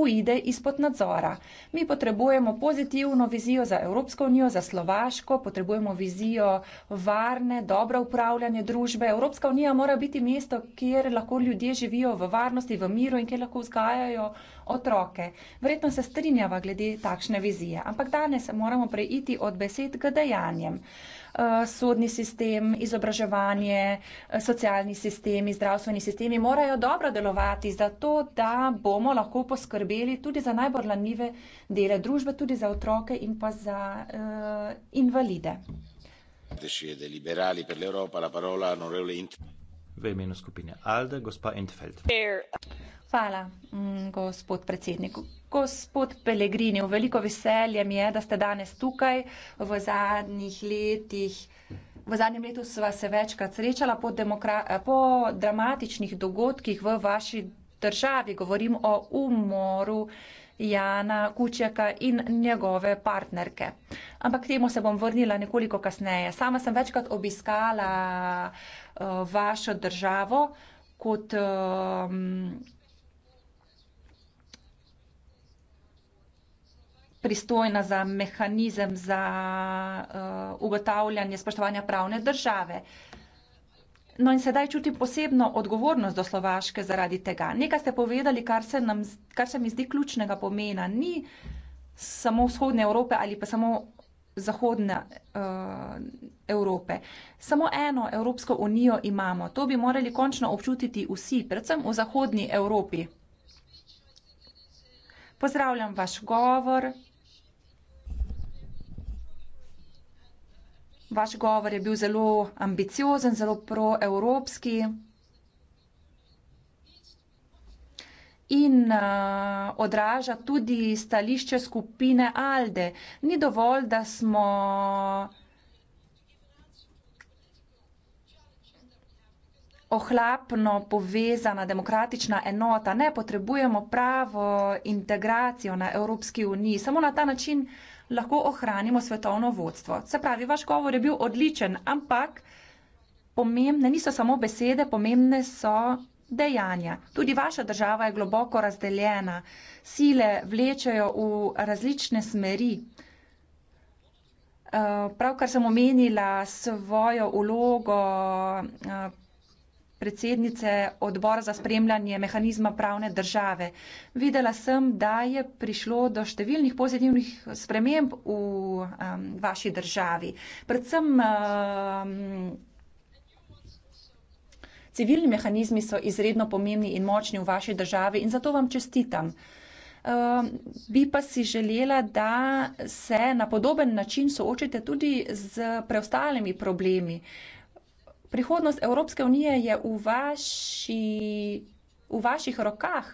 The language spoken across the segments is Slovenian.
uide izpod nadzora. Mi potrebujemo pozitivno vizijo za Evropsko unijo, za Slovaško, potrebujemo vizijo varne, dobro upravljanje družbe. Evropska unija mora biti mesto, kjer lahko ljudje živijo v varnosti, v miru in kjer lahko vzgajajo otroke. Verjetno se strinjava glede takšne vizije, ampak danes moramo preiti od besed k dejanjem. Eh, sodni sistem, izobraževanje, eh, socialni sistemi, zdravstveni sistemi morajo dobro delovati za to, da bomo lahko poskrbeli tudi za najbolj lanive dele družbe, tudi za otroke in pa za uh, invalide. V imenu skupine ALDE, gospa Entfeld. Hvala, mm, gospod predsednik. Gospod Pelegrini, v veliko veselje mi je, da ste danes tukaj. V zadnjih letih, v zadnjem letu sva se večkrat srečala po, po dramatičnih dogodkih v vaši državi. Govorim o umoru Jana Kučjaka in njegove partnerke. Ampak temu se bom vrnila nekoliko kasneje. Sama sem večkrat obiskala uh, vašo državo kot. Uh, pristojna za mehanizem za eh, ugotavljanje spoštovanja pravne države. No in sedaj čutim posebno odgovornost do Slovaške zaradi tega. Nekaj ste povedali, kar se, nam, kar se mi zdi ključnega pomena. Ni samo vzhodne Evrope ali pa samo zahodne uh, Evrope. Samo eno Evropsko unijo imamo. To bi morali končno občutiti vsi, predvsem v zahodni Evropi. Pozdravljam vaš govor, Vaš govor je bil zelo ambiciozen, zelo proevropski. In uh, odraža tudi stališče skupine Alde. Ni dovolj, da smo ohlapno povezana demokratična enota. Ne potrebujemo pravo integracijo na Evropski uniji. Samo na ta način uh, lahko ohranimo svetovno vodstvo. Se pravi, vaš govor je bil odličen, ampak pomembne niso samo besede, pomembne so dejanja. Tudi vaša država je globoko razdeljena, sile vlečejo v različne smeri. Eh, pravkar sem omenila svojo ulogo eh, predsednice odbora za spremljanje mehanizma pravne države. Videla sem, da je prišlo do številnih pozitivnih sprememb v um, vaši državi. Predvsem um, civilni mehanizmi so izredno pomembni in močni v vaši državi in zato vam čestitam. Um, bi pa si želela, da se na podoben način soočite tudi z preostalimi problemi. Uh, prihodnost Evropske unije je v, vaši, v vaših rokah.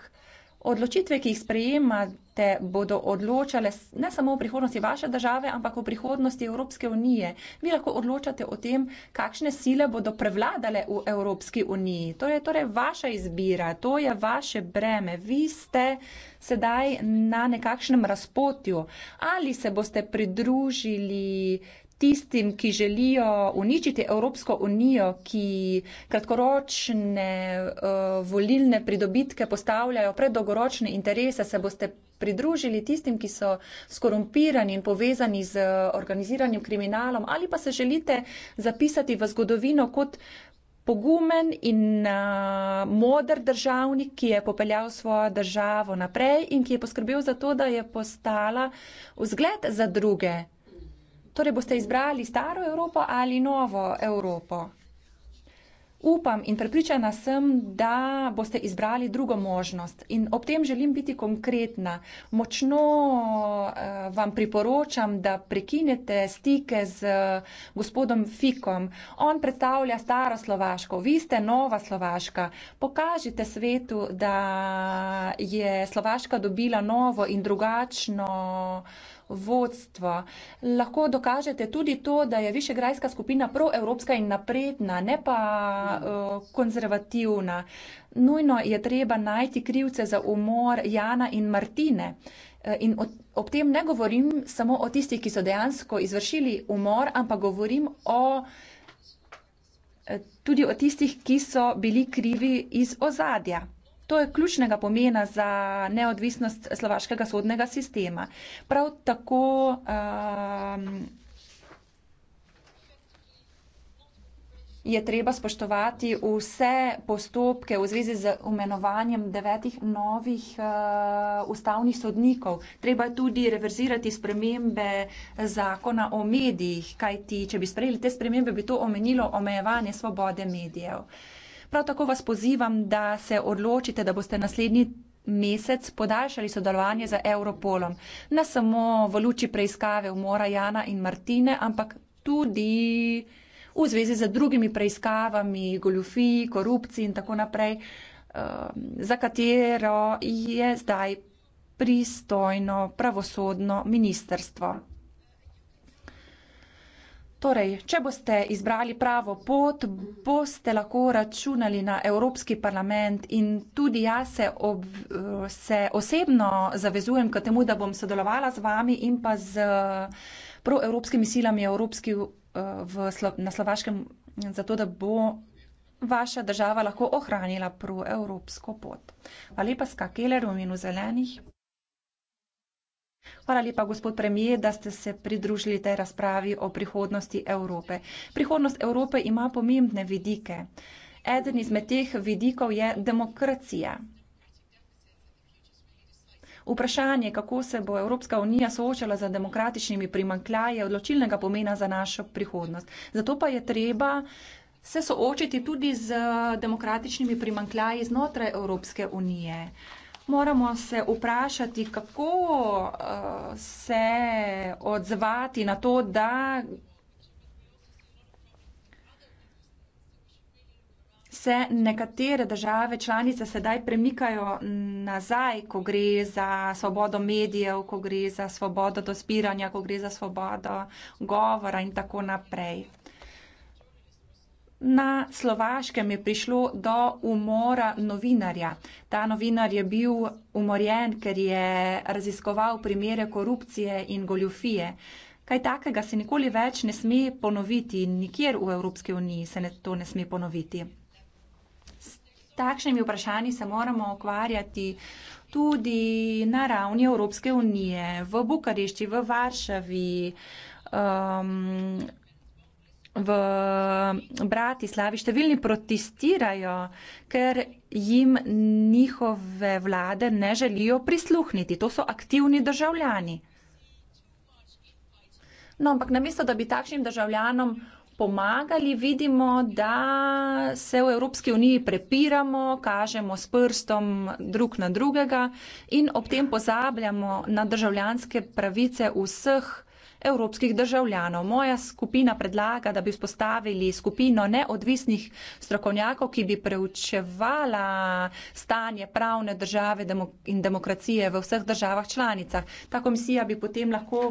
Odločitve, ki jih sprejemate, bodo odločale ne samo o prihodnosti vaše države, ampak o prihodnosti Evropske unije. Vi lahko odločate o tem, kakšne sile bodo prevladale v Evropski uniji. To je torej vaša izbira, to je vaše breme. Vi ste sedaj na nekakšnem razpotju. Ali se boste pridružili tistim, ki želijo uničiti Evropsko unijo, ki kratkoročne uh, volilne pridobitke postavljajo pred dolgoročne interese, se boste pridružili tistim, ki so skorumpirani in povezani z eh, organiziranjem kriminalom ali pa se želite zapisati v zgodovino kot pogumen in uh, eh, modr državnik, ki je popeljal svojo državo naprej in ki je poskrbel za to, da je postala vzgled za druge. Torej boste izbrali staro Evropo ali novo Evropo? Upam in prepričana sem, da boste izbrali drugo možnost in ob tem želim biti konkretna. Močno eh, vam priporočam, da prekinete stike z eh, gospodom Fikom. On predstavlja staro Slovaško, vi ste nova Slovaška. Pokažite svetu, da je Slovaška dobila novo in drugačno vodstvo. Lahko dokažete tudi to, da je višegrajska skupina proevropska in napredna, ne pa uh, konzervativna. Nujno je treba najti krivce za umor Jana in Martine. Eh, in o, ob tem ne govorim samo o tistih, ki so dejansko izvršili umor, ampak govorim o, eh, tudi o tistih, ki so bili krivi iz ozadja. To je ključnega pomena za neodvisnost slovaškega sodnega sistema. Prav tako um, je treba spoštovati vse postopke v zvezi z umenovanjem devetih novih uh, ustavnih sodnikov. Treba je tudi reverzirati spremembe zakona o medijih, kajti, če bi sprejeli te spremembe, bi to omenilo omejevanje svobode medijev. Uh, Prav tako vas pozivam, da se odločite, da boste naslednji mesec podaljšali sodelovanje z Europolom. Ne samo v luči preiskave umora Jana in Martine, ampak tudi v zvezi z drugimi preiskavami, goljufiji, korupciji in tako naprej, um, za katero je zdaj pristojno pravosodno ministerstvo. Torej, če boste izbrali pravo pot, boste lahko računali na Evropski parlament in tudi jaz se, ob, se osebno zavezujem k temu, da bom sodelovala z vami in pa z proevropskimi silami Evropski eh, v, na Slovaškem, zato da bo vaša država lahko ohranila proevropsko pot. Hvala lepa, Ska Keller, v imenu zelenih. Hvala lepa, gospod premijer, da ste se pridružili tej razpravi o prihodnosti Evrope. Prihodnost Evrope ima pomembne vidike. Eden izmed teh vidikov je demokracija. Vprašanje, kako se bo Evropska unija soočala z demokratičnimi primankljaji, je odločilnega pomena za našo prihodnost. Zato pa je treba se soočiti tudi z demokratičnimi primankljaji znotraj Evropske unije moramo se vprašati, kako eh, se odzvati na to, da se nekatere države članice sedaj premikajo nazaj, ko gre za svobodo medijev, ko gre za svobodo dospiranja, ko gre za svobodo govora in tako naprej. Na Slovaškem je prišlo do umora novinarja. Ta novinar je bil umorjen, ker je raziskoval primere korupcije in goljufije. Kaj takega se nikoli več ne sme ponoviti in nikjer v Evropski uniji se ne, to ne sme ponoviti. S takšnimi vprašanji se moramo ukvarjati tudi na ravni Evropske unije, v Bukarešti, v Varšavi. Um, v Bratislavi številni protestirajo, ker jim njihove vlade ne želijo prisluhniti. To so aktivni državljani. No, ampak namesto, da bi takšnim državljanom pomagali, vidimo, da se v Evropski uniji prepiramo, kažemo s prstom drug na drugega in ob tem pozabljamo na državljanske pravice vseh državljanov evropskih državljanov. Moja skupina predlaga, da bi vzpostavili skupino neodvisnih strokovnjakov, ki bi preučevala stanje pravne države in demokracije v vseh državah članicah. Ta komisija bi potem lahko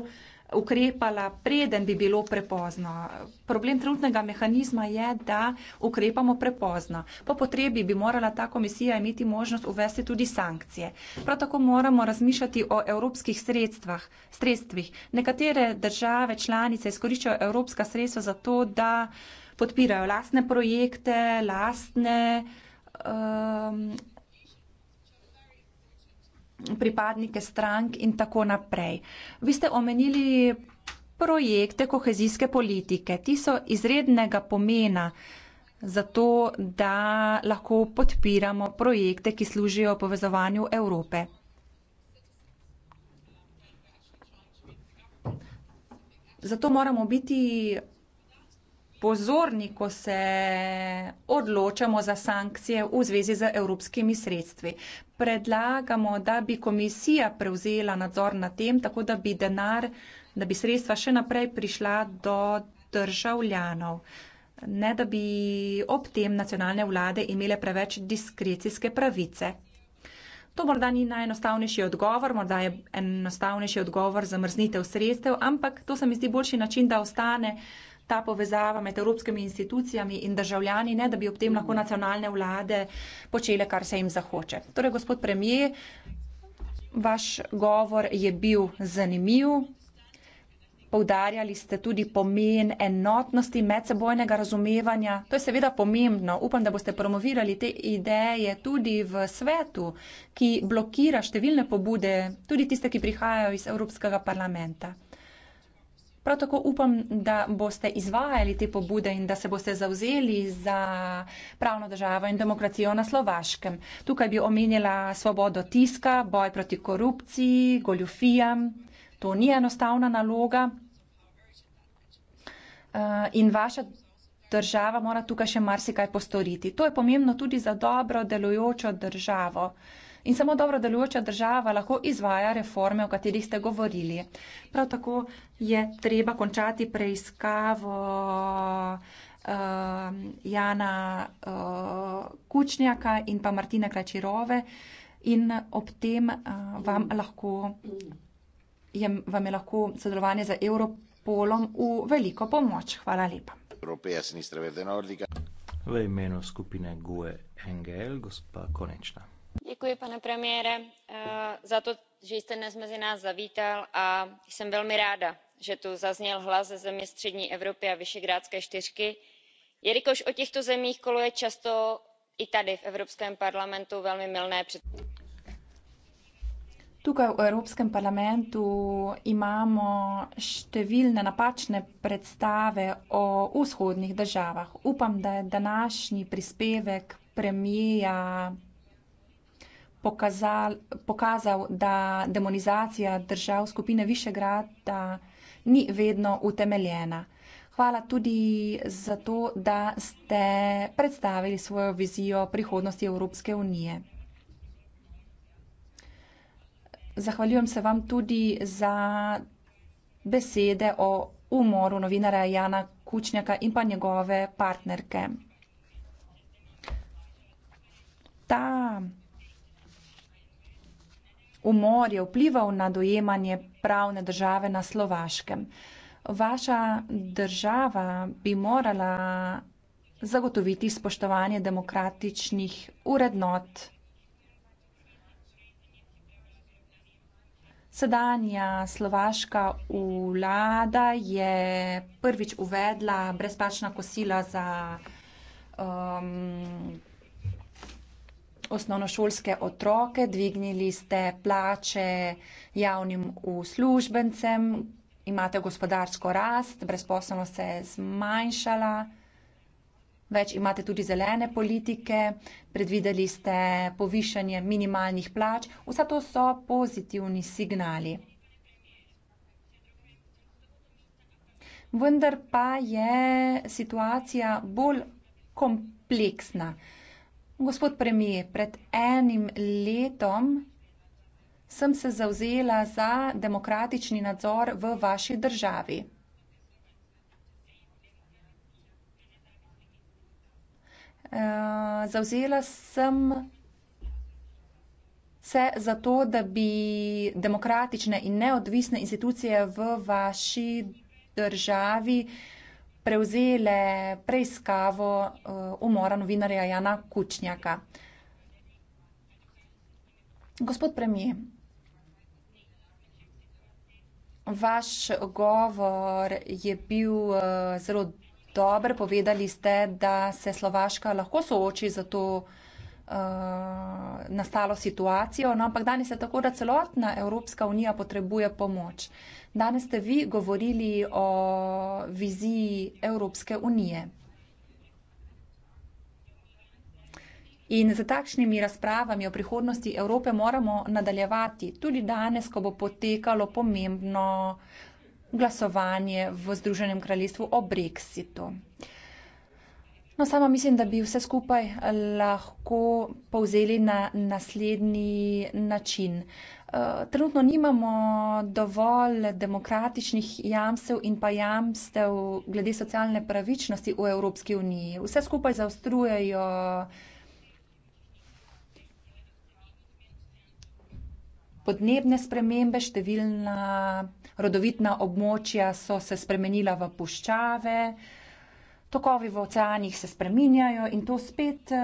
ukrepala, preden bi bilo prepozno. Problem trenutnega mehanizma je, da ukrepamo prepozno. Po potrebi bi morala ta komisija imeti možnost uvesti tudi sankcije. Prav tako moramo razmišljati o evropskih sredstvih. Nekatere države članice izkoriščajo evropska sredstva za to, da podpirajo lastne projekte, lastne. Um, pripadnike strank in tako naprej. Vi ste omenili projekte kohezijske politike. Ti so izrednega pomena za to, da lahko podpiramo projekte, ki služijo povezovanju Evrope. Zato moramo biti pozorni, ko se odločamo za sankcije v zvezi z evropskimi sredstvi. Predlagamo, da bi komisija prevzela nadzor nad tem, tako da bi denar, da bi sredstva še naprej prišla do državljanov. Ne da bi ob tem nacionalne vlade imele preveč diskrecijske pravice. To morda ni najenostavnejši odgovor, morda je enostavnejši odgovor zamrznitev sredstev, ampak to se mi zdi boljši način, da ostane ta povezava med evropskimi institucijami in državljani, ne da bi ob tem lahko nacionalne vlade počele, kar se jim zahoče. Torej, gospod premijer, vaš govor je bil zanimiv. Povdarjali ste tudi pomen enotnosti medsebojnega razumevanja. To je seveda pomembno. Upam, da boste promovirali te ideje tudi v svetu, ki blokira številne pobude, tudi tiste, ki prihajajo iz Evropskega parlamenta. Prav tako upam, da boste izvajali te pobude in da se boste zauzeli za pravno državo in demokracijo na Slovaškem. Tukaj bi omenjala svobodo tiska, boj proti korupciji, goljufijam. To ni enostavna naloga. Eh, in vaša država mora tukaj še marsikaj postoriti. To je pomembno tudi za dobro delujočo državo. In samo dobro delujoča država lahko izvaja reforme, o katerih ste govorili. Prav tako je treba končati preiskavo uh, Jana uh, Kučnjaka in pa Martina Kračirove in ob tem uh, vam, lahko, je, vam je lahko sodelovanje za Europolom v veliko pomoč. Hvala lepa. V imenu skupine GUE NGL, gospa Konečna pane premiére děkuji eh, za to že jste dnes mezi nás zavítal a jsem velmi ráda že tu zazněl hlas ze země střední evropy a visegrádské čtyřky jelikož o těchto zemích kolují často i tady v evropském parlamentu velmi mylné představy. Tukaj v Evropskem parlamentu imamo številne napačne predstave o vzhodnih državah. Upam, da je današnji prispevek premijeja pokazal, pokazal, da demonizacija držav skupine Višegrada ni vedno utemeljena. Hvala tudi za to, da ste predstavili svojo vizijo prihodnosti Evropske unije. Zahvaljujem se vam tudi za besede o umoru novinara Jana Kučnjaka in pa njegove partnerke. Tam umor je vplival na dojemanje pravne države na Slovaškem. Vaša država bi morala zagotoviti spoštovanje demokratičnih urednot. Sedanja slovaška vlada je prvič uvedla brezplačna kosila za um, osnovnošolske otroke, dvignili ste plače javnim uslužbencem, imate gospodarsko rast, brezposobnost se je zmanjšala, več imate tudi zelene politike, predvideli ste povišanje minimalnih plač. Vsa to so pozitivni signali. Vendar pa je situacija bolj kompleksna. Gospod premije, pred enim letom sem se zauzela za demokratični nadzor v vaši državi. Eh, zauzela sem se za to, da bi demokratične in neodvisne institucije v vaši državi prevzele preiskavo eh, umora novinarja Jana Kučnjaka. Gospod premijer, vaš govor je bil eh, zelo dober, povedali ste, da se Slovaška lahko sooči z to krizo, Eh, nastalo situacijo, no, ampak danes je tako, da celotna Evropska unija potrebuje pomoč. Danes ste vi govorili o viziji Evropske unije. In z takšnimi razpravami o prihodnosti Evrope moramo nadaljevati tudi danes, ko bo potekalo pomembno glasovanje v Združenem kraljestvu o brexitu. Uh, No, sama mislim, da bi vse skupaj eh, lahko povzeli na naslednji način. Eh, trenutno nimamo dovolj demokratičnih jamstev in pa jamstev glede socialne pravičnosti v Evropski uniji. Vse skupaj zaostrujejo. Podnebne spremembe, številna rodovitna območja so se spremenila v puščave, uh, Tokovi v oceanih se spreminjajo in to spet eh,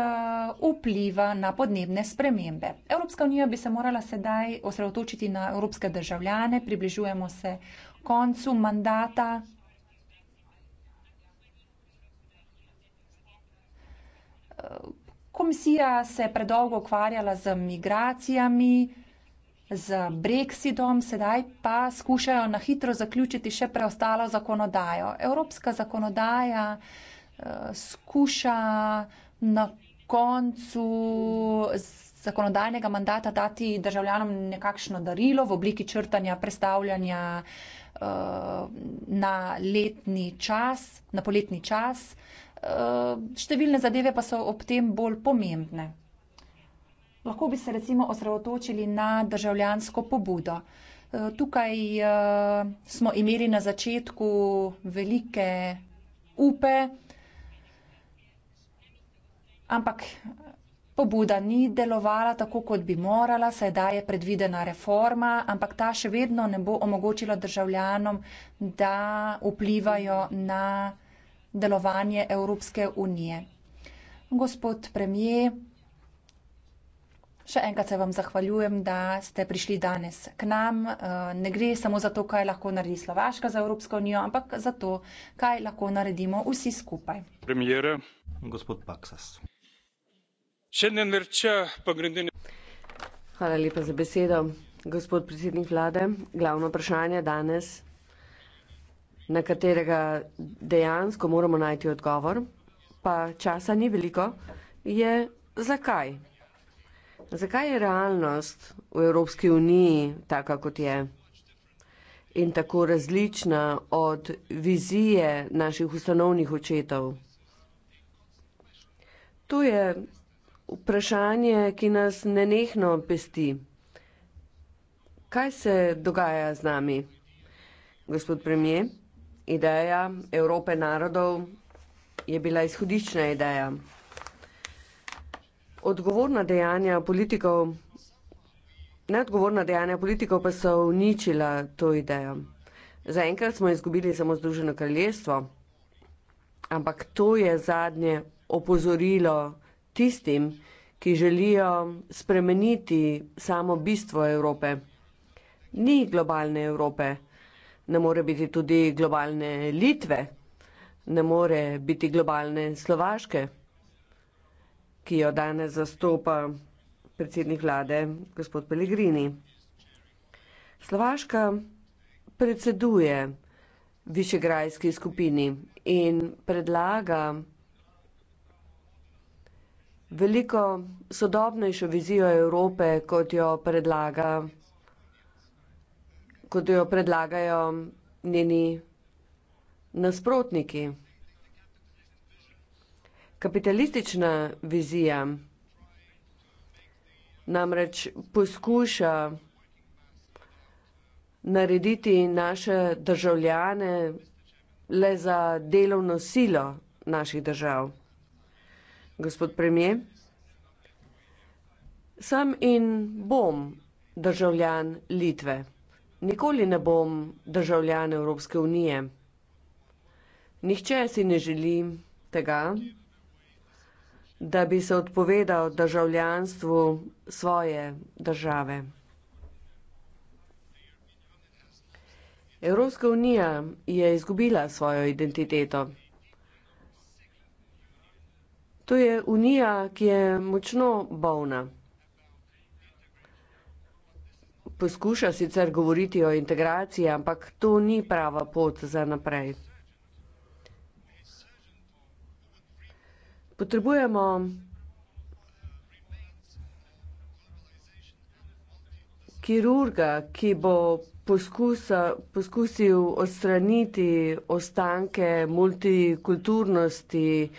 vpliva na podnebne spremembe. Evropska unija bi se morala sedaj osredotočiti na evropske državljane, približujemo se koncu mandata. Eh, komisija se je predolgo ukvarjala z migracijami z Brexitom, sedaj pa skušajo na hitro zaključiti še preostalo zakonodajo. Evropska zakonodaja eh, skuša na koncu zakonodajnega mandata dati državljanom nekakšno darilo v obliki črtanja, predstavljanja eh, na letni čas, na poletni čas. Eh, številne zadeve pa so ob tem bolj pomembne lahko bi se recimo osredotočili na državljansko pobudo. Eh, tukaj eh, smo imeli na začetku velike upe, ampak pobuda ni delovala tako, kot bi morala, sedaj je predvidena reforma, ampak ta še vedno ne bo omogočila državljanom, da vplivajo na delovanje Evropske unije. Gospod premijer, Še enkrat se vam zahvaljujem, da ste prišli danes k nam. Eh, ne gre samo za to, kaj lahko naredi Slovaška za Evropsko unijo, ampak za to, kaj lahko naredimo vsi skupaj. Premijere, gospod Paksas. Šeden ir čia pagrindinė. Hvala lepa za besedo, gospod predsednik vlade. Glavno vprašanje danes, na katerega dejansko moramo najti odgovor, pa časa ni veliko, je zakaj Zakaj je realnost v Evropski uniji taka, kot je in tako različna od vizije naših ustanovnih očetov? To je vprašanje, ki nas nenehno pesti. Kaj se dogaja z nami, gospod premijer? Ideja Evrope narodov je bila izhodiščna ideja odgovorna dejanja politikov, neodgovorna dejanja politikov pa so uničila to idejo. Zaenkrat smo izgubili samo Združeno kraljestvo, ampak to je zadnje opozorilo tistim, ki želijo spremeniti samo bistvo Evrope. Ni globalne Evrope, ne more biti tudi globalne Litve, ne more biti globalne Slovaške ki jo danes zastopa predsednik vlade, gospod Pellegrini. Slovaška predseduje višegrajski skupini in predlaga veliko sodobnejšo vizijo Evrope, kot jo predlaga, kot jo predlagajo njeni nasprotniki kapitalistična vizija namreč poskuša narediti naše državljane le za delovno silo naših držav. Gospod premijer, sem in bom državljan Litve. Nikoli ne bom državljan Evropske unije. Nihče si ne želi tega da bi se odpovedal državljanstvu svoje države. Evropska unija je izgubila svojo identiteto. To je unija, ki je močno bolna. Poskuša sicer govoriti o integraciji, ampak to ni prava pot za naprej. potrebujemo kirurga, ki bo poskusa, poskusil odstraniti ostanke multikulturnosti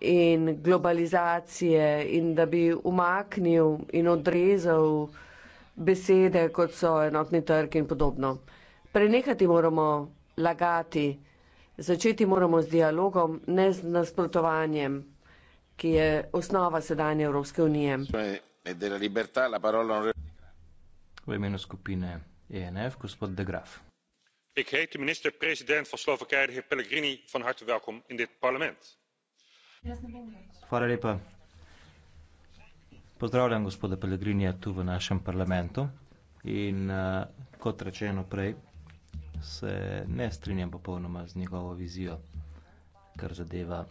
in globalizacije in da bi umaknil in odrezal besede, kot so enotni trg in podobno. Prenehati moramo lagati, začeti moramo z dialogom, ne z nasprotovanjem ki je osnova sedanje Evropske unije. V imenu skupine ENF, gospod De Graaf. Ik heet de minister-president van Slovakije, de heer Pellegrini, van harte welkom in dit parlement. Hvala lepa. Pozdravljam gospoda Pellegrinija tu v našem parlamentu in eh, kot rečeno prej se ne strinjam popolnoma z njegovo vizijo, kar zadeva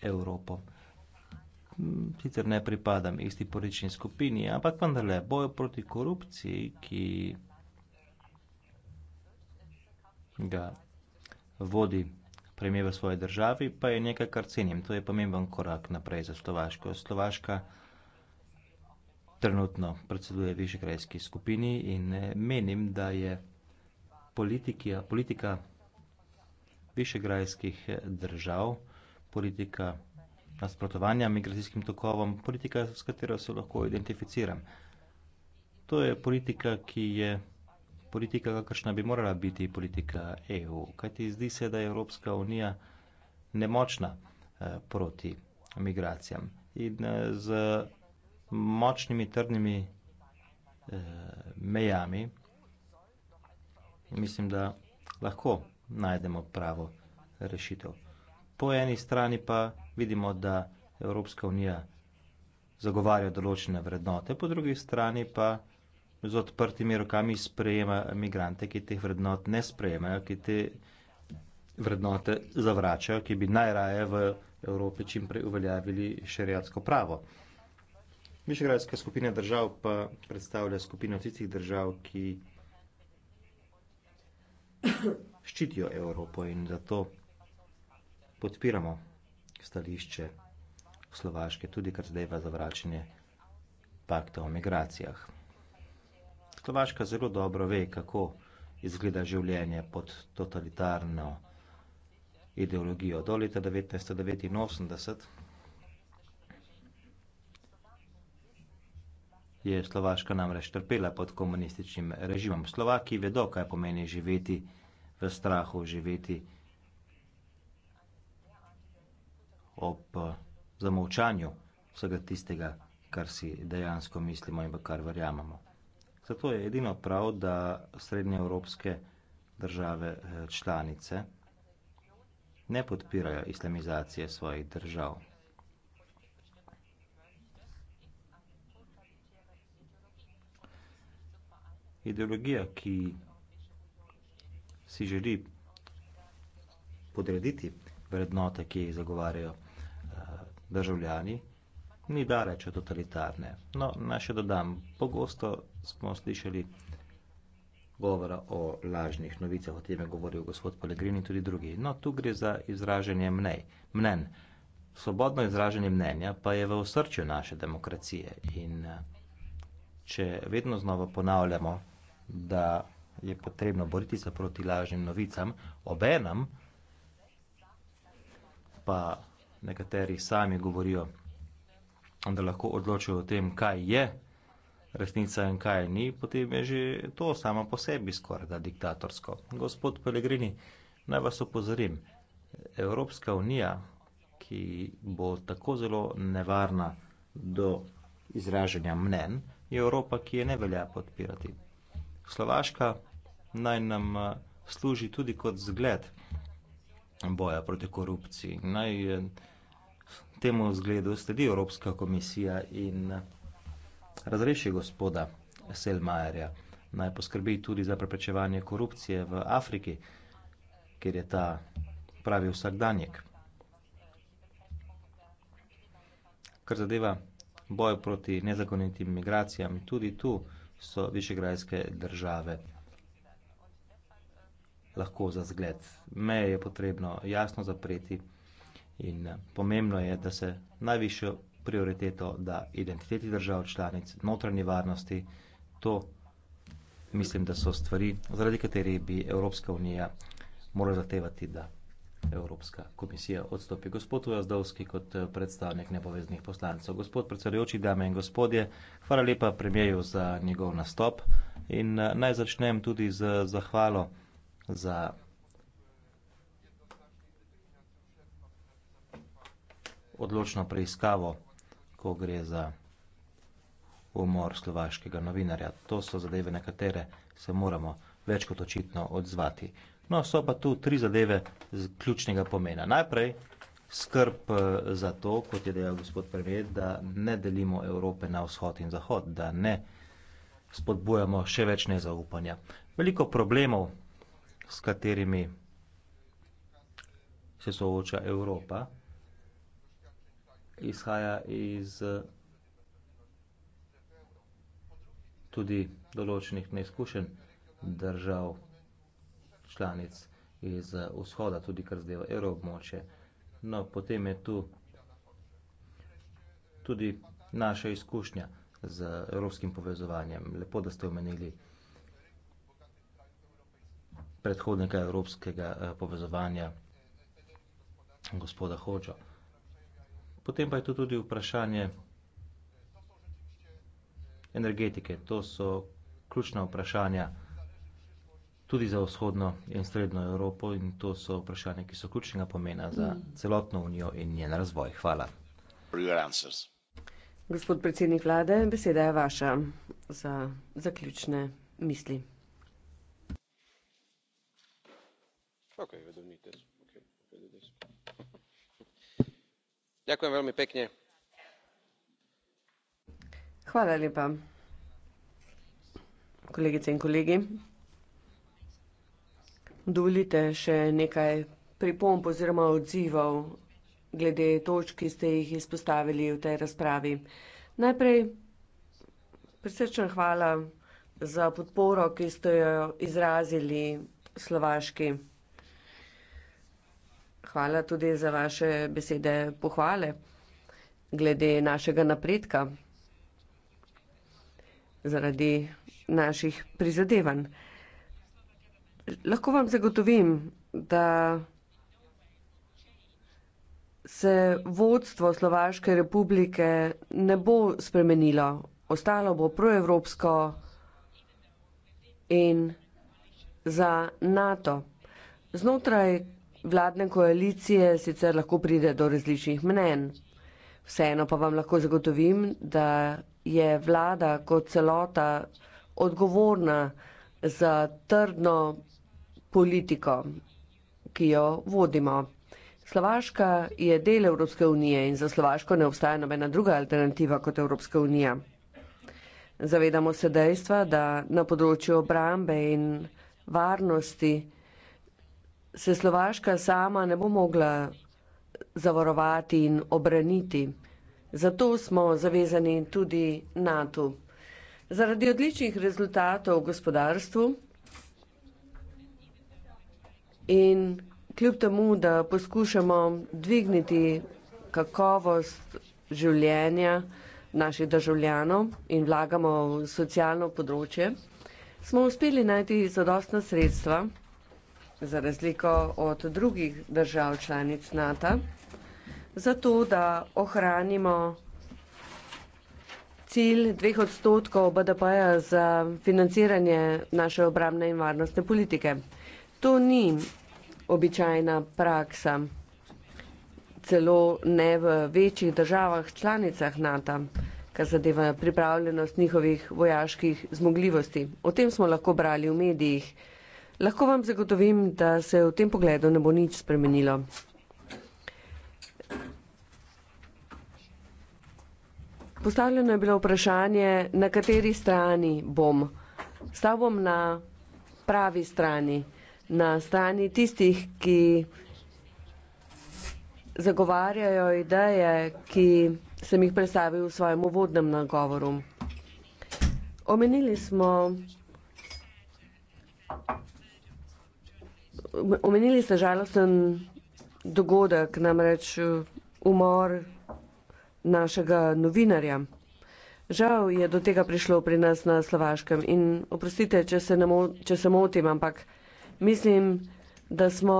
Evropo sicer ne pripadam isti politični skupini, ampak vendarle bojo proti korupciji, ki ga vodi premije v svoji državi, pa je nekaj, kar cenim. To je pomemben korak naprej za Slovaško. Slovaška trenutno predseduje višegrajski skupini in eh, menim, da je politika, politika višegrajskih eh, držav, politika nasprotovanja migracijskim tokovom, politika, s katero se lahko identificiram. To je politika, ki je politika, kakršna bi morala biti politika EU, kajti zdi se, da je Evropska unija nemočna eh, proti migracijam in eh, z močnimi trdnimi eh, mejami mislim, da lahko najdemo pravo rešitev po eni strani pa vidimo, da Evropska unija zagovarja določene vrednote, po drugi strani pa z odprtimi rokami sprejema imigrante, ki teh vrednot ne sprejemajo, ki te vrednote zavračajo, ki bi najraje v Evropi čimprej uveljavili šerijatsko pravo. Višegradska skupina držav pa predstavlja skupino tistih držav, ki ščitijo Evropo in zato podpiramo stališče Slovaške, tudi kar zdaj za vračanje pakta o migracijah. Slovaška zelo dobro ve, kako izgleda življenje pod totalitarno ideologijo. Do leta 1989 je Slovaška namreč trpela pod komunističnim režimom. Slovaki vedo, kaj pomeni živeti v strahu, živeti v ob eh, zamovčanju vsega tistega, kar si dejansko mislimo in kar verjamemo. Zato je edino prav, da srednjeevropske države eh, članice ne podpirajo islamizacije svojih držav. Ideologija, ki si želi podrediti vrednote, ki jih zagovarjajo državljani, ni daleč od totalitarne. No, naj še dodam, pogosto smo slišali govora o lažnih novicah, o tem je govoril gospod Pellegrini in tudi drugi. No, tu gre za izražanje mnej, mnen. Svobodno izražanje mnenja pa je v osrčju naše demokracije in eh, če vedno znova ponavljamo, da je potrebno boriti se proti lažnim novicam, obenem pa nekateri sami govorijo, da lahko odločijo o tem, kaj je resnica in kaj ni, potem je že to samo po sebi skoraj da diktatorsko. Gospod Pelegrini, naj vas opozorim, Evropska unija, ki bo tako zelo nevarna do izražanja mnen, je Evropa, ki je ne velja podpirati. Slovaška naj nam eh, služi tudi kot zgled boja proti korupciji. Naj eh, temu zgledu sledi Evropska komisija in razreši gospoda Selmajerja. Naj poskrbi tudi za preprečevanje korupcije v Afriki, kjer je ta pravi vsakdanjek. Kar zadeva boj proti nezakonitim migracijam, tudi tu so višegrajske države lahko za zgled. Meje je potrebno jasno zapreti. In eh, pomembno je, da se najvišjo prioriteto da identiteti držav članic, notranji varnosti, to mislim, da so stvari, zaradi katerih bi Evropska unija morala zahtevati, da Evropska komisija odstopi. Gospod Ujazdovski kot eh, predstavnik nepoveznih poslancev, gospod predsedujoči, dame in gospodje, hvala lepa premijeju za njegov nastop in eh, naj začnem tudi z zahvalo za odločno preiskavo, ko gre za umor slovaškega novinarja. To so zadeve, na katere se moramo več kot očitno odzvati. No, so pa tu tri zadeve z ključnega pomena. Najprej skrb eh, za to, kot je dejal gospod Preved, da ne delimo Evrope na vzhod in zahod, da ne spodbujamo še več nezaupanja. Veliko problemov, s katerimi se sooča Evropa, izhaja iz eh, tudi določenih neizkušenj držav članic iz eh, vzhoda, tudi kar zdeva evroobmoče. No, potem je tu tudi naša izkušnja z evropskim povezovanjem. Lepo, da ste omenili predhodnega evropskega eh, povezovanja gospoda Hočo. Potem pa je tu tudi vprašanje energetike. To so ključna vprašanja tudi za vzhodno in srednjo Evropo in to so vprašanja, ki so ključnega pomena za celotno unijo in njen razvoj. Hvala. Gospod predsednik vlade, beseda je vaša za zaključne misli. Okay, ďakujem veľmi pekne. Hvala lepa. Kolegice in kolegi, dovolite še nekaj pripomp oziroma odzivov glede točk, ki ste jih izpostavili v tej razpravi. Najprej presrečna hvala za podporo, ki ste jo izrazili slovaški hvala tudi za vaše besede pohvale glede našega napredka zaradi naših prizadevanj. Lahko vam zagotovim, da se vodstvo Slovaške republike ne bo spremenilo. Ostalo bo proevropsko in za NATO. Znotraj vladne koalicije sicer lahko pride do različnih mnen. Vseeno pa vam lahko zagotovim, da je vlada kot celota odgovorna za trdno politiko, ki jo vodimo. Slovaška je del Evropske unije in za Slovaško ne obstaja nobena druga alternativa kot Evropska unija. Zavedamo se dejstva, da na področju obrambe in varnosti se Slovaška sama ne bo mogla zavarovati in obraniti. Zato smo zavezani tudi NATO. Zaradi odličnih rezultatov v gospodarstvu in kljub temu, da poskušamo dvigniti kakovost življenja naših državljanov in vlagamo v socialno področje, smo uspeli najti zadostna sredstva za razliko od drugih držav članic NATO, zato da ohranimo cilj dveh odstotkov BDP-ja za financiranje naše obramne in varnostne politike. To ni običajna praksa, celo ne v večjih državah članicah NATO, kar zadeva pripravljenost njihovih vojaških zmogljivosti. O tem smo lahko brali v medijih. Lahko vam zagotovim, da se v tem pogledu ne bo nič spremenilo. Postavljeno je bilo vprašanje, na kateri strani bom. Stal bom na pravi strani, na strani tistih, ki zagovarjajo ideje, ki sem jih predstavil v svojem uvodnem nagovoru. Omenili smo omenili ste žalosten dogodek, namreč eh, umor našega novinarja. Žal je do tega prišlo pri nas na Slovaškem in oprostite, če se, namo, če se motim, ampak mislim, da smo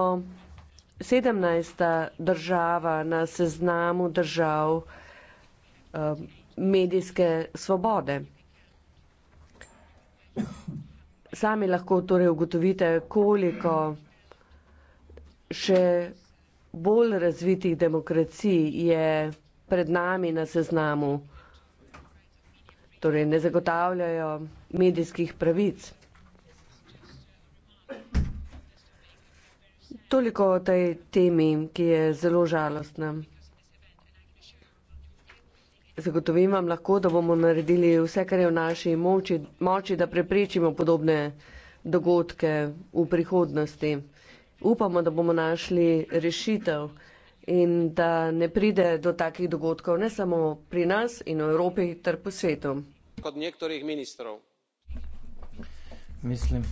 17. država na seznamu držav uh, medijske svobode. Sami lahko torej ugotovite, koliko še bolj razvitih demokracij je pred nami na seznamu. Torej ne zagotavljajo medijskih pravic. Toliko o tej temi, ki je zelo žalostna. Zagotovim vam lahko, da bomo naredili vse, kar je v naši moči, moči da preprečimo podobne dogodke v prihodnosti upamo, da bomo našli rešitev in da ne pride do takih dogodkov, ne samo pri nas in v Evropi ter po svetu. Kot nekaterih ministrov. Mislim,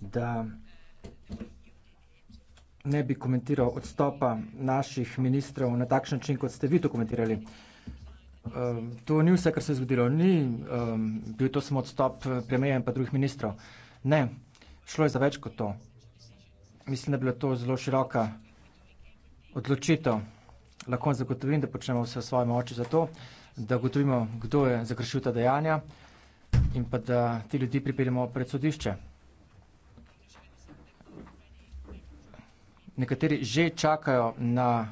da ne bi komentiral odstopa naših ministrov na takšen način, kot ste vi to komentirali. Um, to ni vse, kar se je zgodilo. Ni um, bil to samo odstop eh, premijeja in pa drugih ministrov. Ne, šlo je za več kot to mislim, da je bila to zelo široka odločitev. Lahko zagotovim, da počnemo vse v svojem oči za to, da ugotovimo, kdo je zagrešil ta dejanja in pa da ti ljudi pripeljemo pred sodišče. Nekateri že čakajo na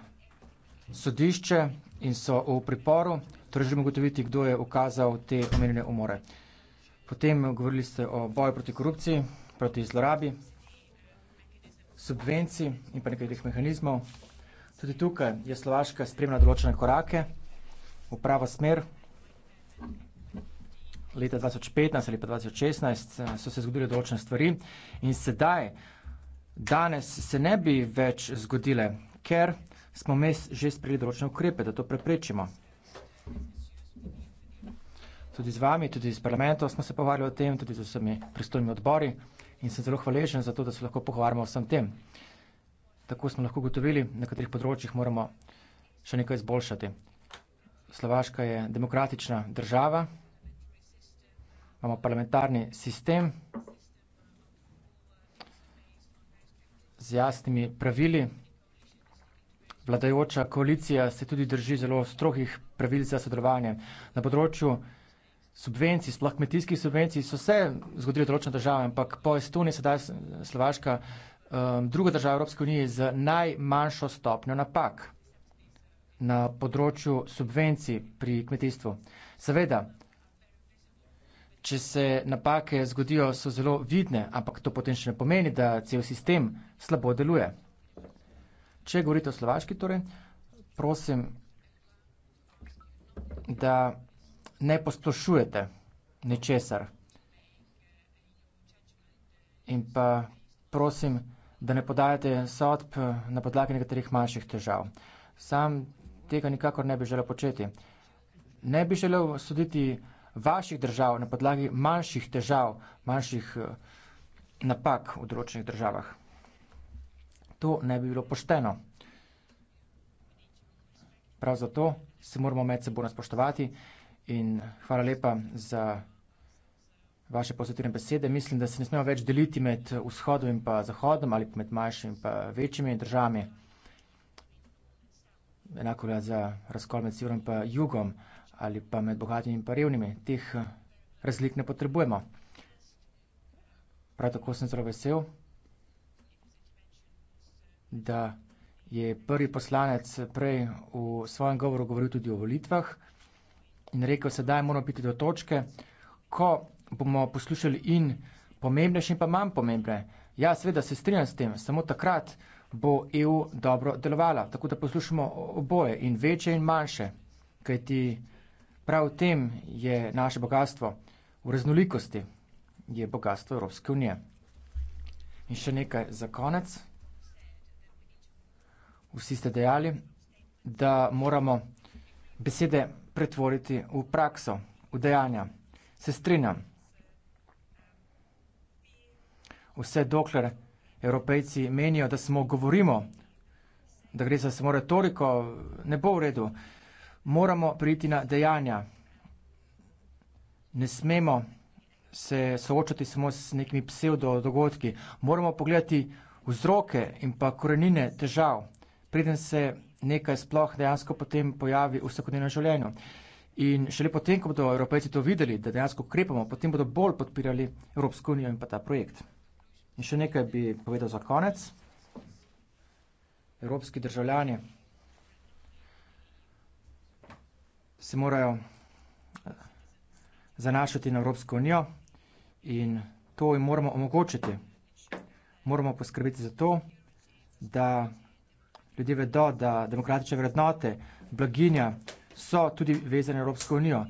sodišče in so v priporu, torej želimo ugotoviti, kdo je ukazal te omenjene umore. Potem govorili ste o boju proti korupciji, proti zlorabi subvencij in pa nekaj mehanizmov. Tudi tukaj je Slovaška spremljala določene korake v pravo smer. Leta 2015 ali pa 2016 eh, so se zgodile določene stvari in sedaj, danes se ne bi več zgodile, ker smo mes že sprejeli določene ukrepe, da to preprečimo. Tudi z vami, tudi z parlamentom smo se povarjali o tem, tudi z vsemi pristojnimi odbori in sem zelo hvaležen za to, da se lahko pogovarjamo o vsem tem. Tako smo lahko gotovili, na katerih področjih moramo še nekaj izboljšati. Slovaška je demokratična država, imamo parlamentarni sistem z jasnimi pravili. Vladajoča koalicija se tudi drži zelo strohih pravil za sodelovanje. Na področju subvencij, sploh kmetijskih subvencij, so se zgodile določene države, ampak po Estoniji, sedaj Slovaška, um, druga država Evropske unije z najmanjšo stopnjo napak na področju subvencij pri kmetijstvu. Seveda, če se napake zgodijo, so zelo vidne, ampak to potem še ne pomeni, da cel sistem slabo deluje. Če govorite o Slovaški, torej, prosim, da ne posplošujete ničesar. In pa prosim, da ne podajate sodb na podlagi nekaterih manjših težav. Sam tega nikakor ne bi želel početi. Ne bi želel soditi vaših držav na podlagi manjših težav, manjših eh, napak v določenih državah. To ne bi bilo pošteno. Prav zato se moramo med seboj spoštovati in hvala lepa za vaše pozitivne besede. Mislim, da se ne smemo več deliti med vzhodom in pa zahodom ali med manjšimi in pa večjimi državami. Enako je za razkol med severom in pa jugom ali pa med bogatimi in pa revnimi. Teh razlik ne potrebujemo. Prav tako sem zelo vesel, da je prvi poslanec prej v svojem govoru govoril tudi o volitvah in rekel, sedaj moramo biti do točke, ko bomo poslušali in pomembnejše in pa manj pomembne. Ja, seveda se strinjam s tem, samo takrat bo EU dobro delovala, tako da poslušamo oboje in večje in manjše, kajti prav v tem je naše bogatstvo, v raznolikosti je bogatstvo Evropske unije. In še nekaj za konec. Vsi ste dejali, da moramo besede pretvoriti v prakso, v dejanja. Se strinjam. Vse dokler evropejci menijo, da smo govorimo, da gre za samo retoriko, ne bo v redu. Moramo priti na dejanja. Ne smemo se soočati samo s nekimi psevdo dogodki. Moramo pogledati vzroke in pa korenine težav. Preden se nekaj sploh dejansko potem pojavi v vsakodnevnem življenju. In šele potem, ko bodo Evropejci to videli, da dejansko ukrepamo, potem bodo bolj podpirali Evropsko unijo in pa ta projekt. In še nekaj bi povedal za konec. Evropski državljani se morajo eh, zanašati na Evropsko unijo in to jim moramo omogočiti. Moramo poskrbeti za to, da ljudje vedo, da demokratične vrednote, blaginja so tudi vezane na Evropsko unijo.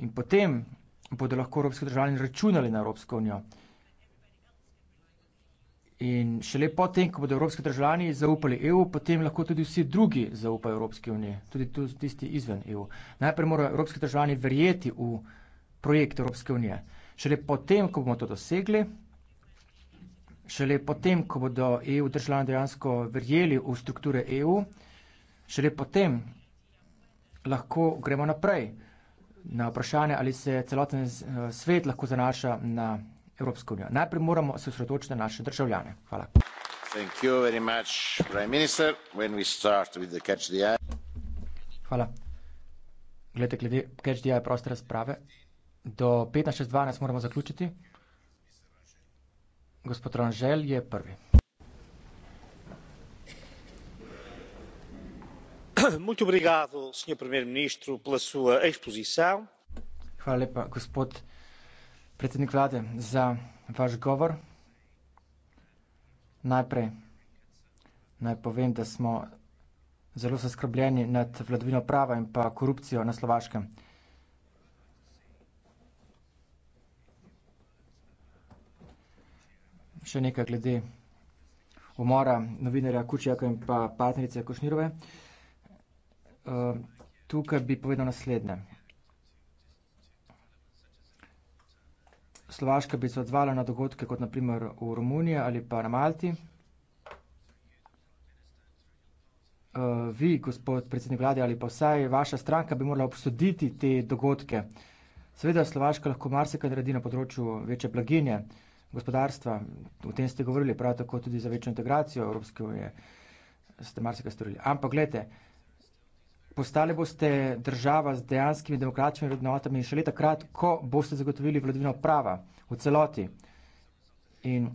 In potem bodo lahko evropski državljani računali na Evropsko unijo. In šele potem, ko bodo evropski državljani zaupali EU, potem lahko tudi vsi drugi zaupajo Evropski uniji, tudi tisti izven EU. Najprej morajo evropski državljani verjeti v projekt Evropske unije. Šele potem, ko bomo to dosegli, šele potem, ko bodo EU državljani dejansko verjeli v strukture EU, šele potem lahko gremo naprej na vprašanje, ali se celoten eh, svet lahko zanaša na Evropsko unijo. Najprej moramo se osredotočiti na naše državljane. Hvala. Hvala. Glejte, glede Catch the Eye proste razprave, do petnajst čez dvanajst moramo zaključiti. Gospod Ranžel je prvi. Muito obrigado, senhor primeiro-ministro, pela sua exposição. Hvala lepa, gospod predsednik vlade, za vaš govor. Najprej naj povem, da smo zelo zaskrbljeni nad vladavino prava in pa korupcijo na Slovaškem. še nekaj glede umora novinarja Kučijaka in pa partnerice Košnirove. Eh, tukaj bi povedal naslednje. Slovaška bi se odzvala na dogodke kot naprimer v Romuniji ali pa na Malti. Eh, vi, gospod predsednik vlade, ali pa vsaj vaša stranka bi morala obsoditi te dogodke. Seveda Slovaška lahko marsikaj naredi na področju večje blaginje, gospodarstva, o tem ste govorili, prav tako tudi za večjo integracijo Evropske unije, ste marsikaj storili. Ampak gledajte, postali boste država z dejanskimi demokratičnimi vrednotami in še leta krat, ko boste zagotovili vladavino prava v celoti. In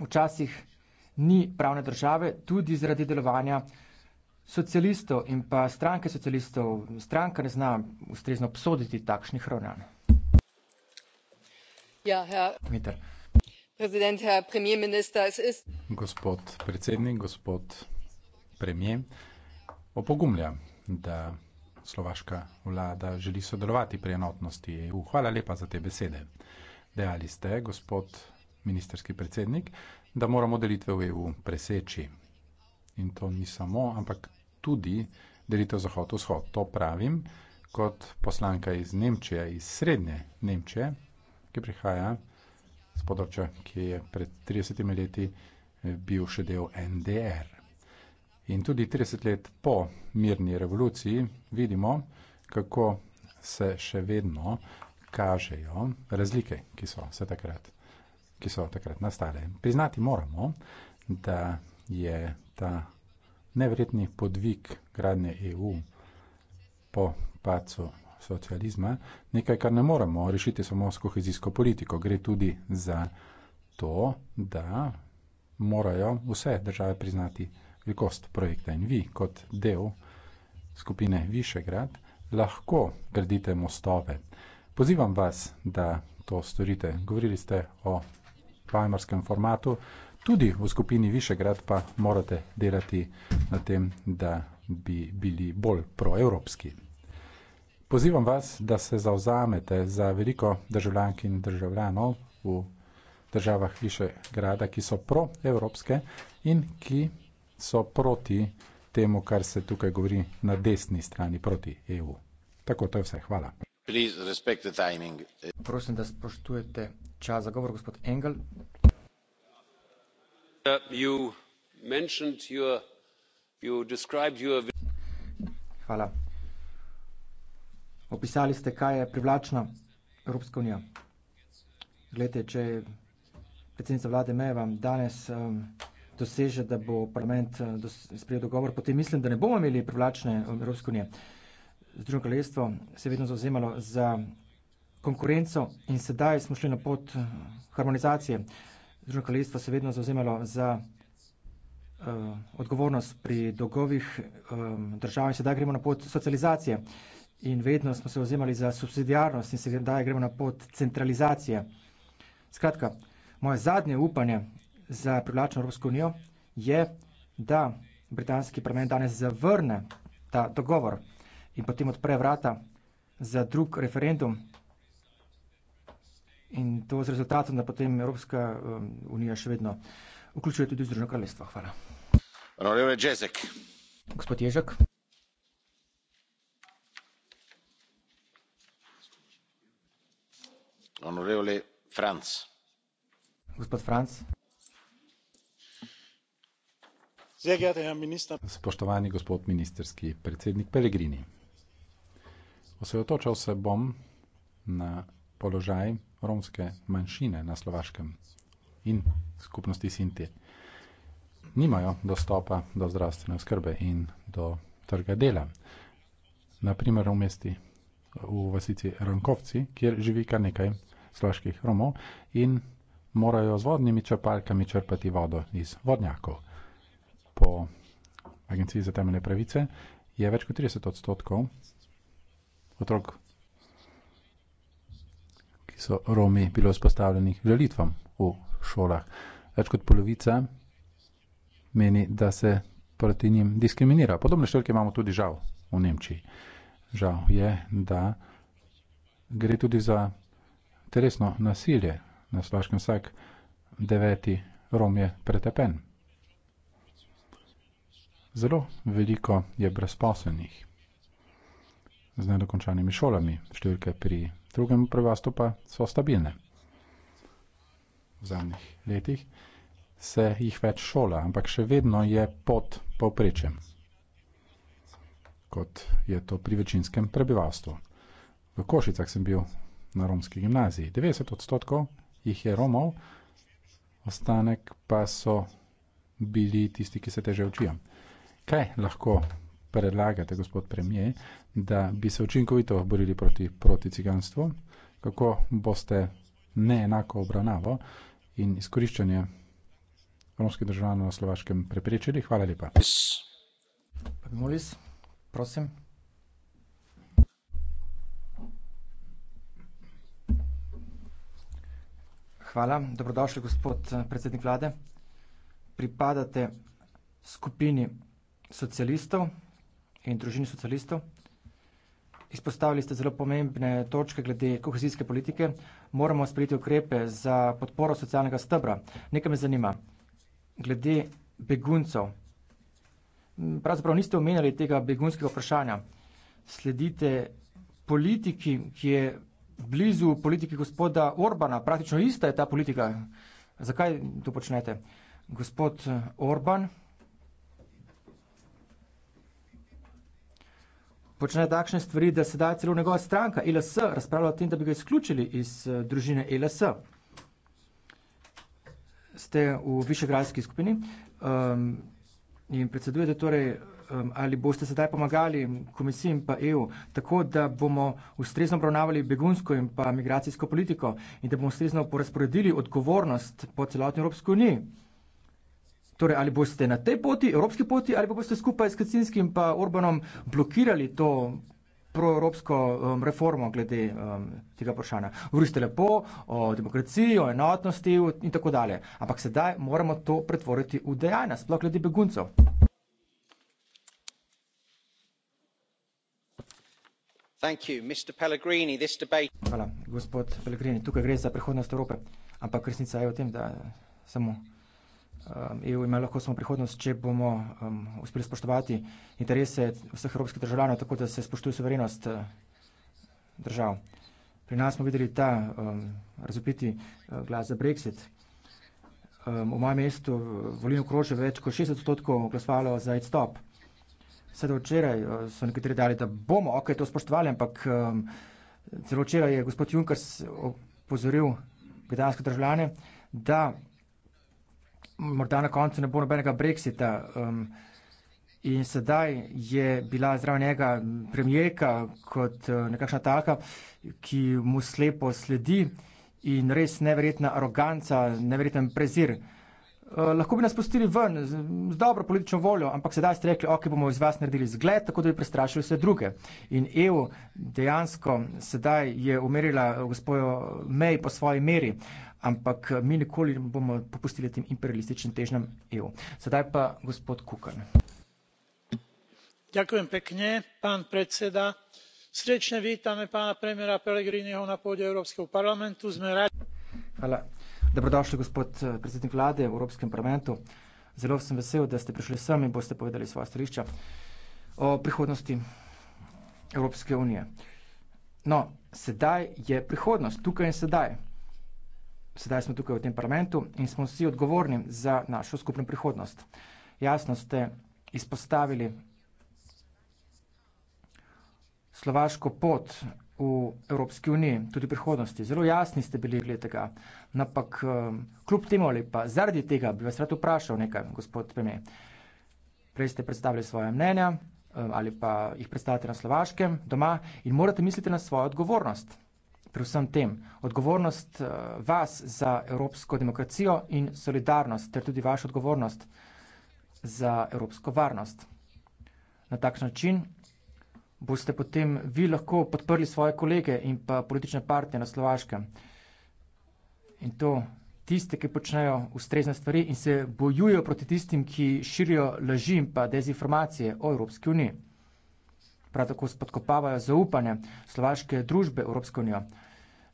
včasih ni pravne države, tudi zaradi delovanja socialistov in pa stranke socialistov, stranka ne zna ustrezno obsoditi takšnih ravnanj. Ja, gospod predsednik gospod premier opogumljam da slovaška vlada želi sodelovati pri enotnosti eu hvala lepa za te besede dejali ste gospod ministrski predsednik da moramo delitve v eu preseči in to ni samo ampak tudi delitev zahod vzhod to pravim kot poslanka iz nemčije iz srednje nemčije ki prihaja z področja, ki je pred 30 leti eh, bil še del NDR. In tudi 30 let po mirni revoluciji vidimo, kako se še vedno kažejo razlike, ki so, takrat, ki so takrat nastale. Priznati moramo, da je ta nevredni podvig gradnje EU po pacu socializma, nekaj, kar ne moremo rešiti samo s kohezijsko politiko. Gre tudi za to, da morajo vse države priznati velikost projekta in vi kot del skupine Višegrad lahko gradite mostove. Pozivam vas, da to storite. Govorili ste o vajmarskem formatu, tudi v skupini Višegrad pa morate delati na tem, da bi bili bolj proevropski. Pozivam vas, da se zauzamete za veliko državljank in državljanov v državah Višegrada, ki so proevropske in ki so proti temu, kar se tukaj govori na desni strani, proti EU. Tako, to je vse. Hvala. Prosim, da spoštujete čas za govor, gospod Engel. Hvala opisali ste, kaj je privlačna Evropska unija. Glede, če predsednica vlade me vam danes um, doseže, da bo parlament uh, sprejel dogovor, potem mislim, da ne bomo imeli privlačne um, Evropske unije. Združeno kraljestvo se je vedno zauzemalo za konkurenco in sedaj smo šli na pot uh, harmonizacije. Združeno kraljestvo se je vedno zauzemalo za uh, odgovornost pri dolgovih um, držav in sedaj gremo na pot socializacije. Uh, in vedno smo se ozemali za subsidijarnost in se daje gremo na pot centralizacije. Skratka, moje zadnje upanje za privlačno Evropsko unijo je, da britanski parlament danes zavrne ta dogovor in potem odpre vrata za drug referendum in to z rezultatom, da potem Evropska um, unija še vedno vključuje tudi Združeno kraljestvo. Hvala. Gospod Ježek. gospod franc spoštovani gospod ministrski predsednik pellegrini osredotočal se bom na položaj romske manjšine na slovaškem in skupnosti sinti nimajo dostopa do zdravstvene oskrbe in do trga dela na primer v mesti v vasici rankovci kjer živi kar nekaj sloških Romov in morajo z vodnimi črpalkami črpati vodo iz vodnjakov. Po Agenciji za temeljne pravice je več kot 30 odstotkov otrok, ki so Romi, bilo izpostavljenih žalitvam v šolah. Več kot polovica meni, da se proti njim diskriminira. Podobne številke imamo tudi žal v Nemčiji. Žal je, da gre tudi za telesno nasilje na Slovaškem vsak deveti Rom je pretepen. Zelo veliko je brezposelnih z nedokončanimi šolami. Številke pri drugem prebivalstvu pa so stabilne. V zadnjih letih se jih več šola, ampak še vedno je pod povprečjem, kot je to pri večinskem prebivalstvu. V Košicah sem bil na romski gimnaziji. 90 odstotkov jih je Romov, ostanek pa so bili tisti, ki se teže učijo. Kaj lahko predlagate, gospod premijer, da bi se učinkovito borili proti, proti ciganstvu? Kako boste neenako obravnavo in izkoriščanje romskih državljanov na slovaškem preprečili? Hvala lepa. Pa bi molis, prosim. Hvala. Dobrodošli, gospod predsednik vlade. Pripadate skupini socialistov in družini socialistov. Izpostavili ste zelo pomembne točke glede kohezijske politike. Moramo sprejeti ukrepe za podporo socialnega stebra. Nekaj me zanima. Glede beguncev. Pravzaprav niste omenjali tega begunskega vprašanja. Sledite politiki, ki je blizu politiki gospoda Orbana, praktično ista je ta politika. Zakaj to počnete? Gospod eh, Orban počne takšne stvari, da sedaj celo njegova stranka, ELS, razpravlja o tem, da bi ga izključili iz eh, družine ELS. Ste v višegradski skupini um, in predsedujete torej Um, ali boste sedaj pomagali komisiji in pa EU, tako da bomo ustrezno obravnavali begunsko in pa migracijsko politiko in da bomo ustrezno porazporedili odgovornost po celotni Evropski uniji. Torej, ali boste na tej poti, evropski poti, ali pa boste skupaj s Kacinskim pa Orbanom blokirali to proevropsko um, reformo glede um, tega vprašanja. Govorite lepo o demokraciji, o enotnosti e in tako dalje. Ampak sedaj moramo to pretvoriti v dejanja, sploh glede beguncev. Hvala. Gospod Pellegrini, tukaj gre za prihodnost Evrope, ampak resnica je v tem, da samo, um, EU ima lahko samo prihodnost, če bomo, um, uspeli spoštovati interese vseh evropskih državljanov, tako da se spoštuje suverenost, uh, držav. Pri nas smo videli ta, um, razvpiti, uh, glas za brexit. V mojem mestu, volilno okrožje, več kot šestdeset odstotkov glasovalo za izstop. Sedaj včeraj eh, so nekateri dali, da bomo, ok, to spoštovali, ampak um, celo včeraj je gospod Junkers opozoril britanske državljane, da morda na koncu ne bo nobenega brexita. Um, in sedaj je bila zraven njega premijeka kot eh, nekakšna taka, ki mu slepo sledi in res neverjetna aroganca, neverjeten prezir. Eh, lahko bi nas pustili ven z, z dobro politično voljo, ampak sedaj ste rekli, ok, bomo iz vas naredili zgled, tako da bi prestrašili vse druge. In EU dejansko sedaj je umerila eh, gospojo mej po svoji meri, ampak eh, mi nikoli ne bomo popustili tem imperialističnim težnjam EU. Sedaj pa gospod Kukan. Ďakujem pekne, pán predseda. Srečne vítame pána premiéra Pellegriniho na pôde Európskeho parlamentu. Sme radi... Hvala. Uh, Dobrodošli, gospod eh, predsednik vlade v Evropskem parlamentu. Zelo sem vesel, da ste prišli sem in boste povedali svoje stališča o prihodnosti Evropske unije. No, sedaj je prihodnost, tukaj in sedaj. Sedaj smo tukaj v tem parlamentu in smo vsi odgovorni za našo skupno prihodnost. Jasno ste izpostavili slovaško pot v Evropski uniji, tudi v prihodnosti. Zelo jasni ste bili glede tega. Napak, ehm, kljub temu ali pa zaradi tega bi vas rad vprašal nekaj, gospod Peme. Prej ste predstavili svoje mnenja ehm, ali pa jih predstavljate na slovaškem doma in morate misliti na svojo odgovornost pri vsem tem. Odgovornost eh, vas za evropsko demokracijo in solidarnost ter tudi vašo odgovornost za evropsko varnost. Na takšen način boste potem vi lahko podprli svoje kolege in pa politične partije na Slovaškem. In to tiste, ki počnejo ustrezne stvari in se bojujo proti tistim, ki širijo laži in pa dezinformacije o Evropski uniji. Prav tako spodkopavajo zaupanje slovaške družbe Evropsko unijo.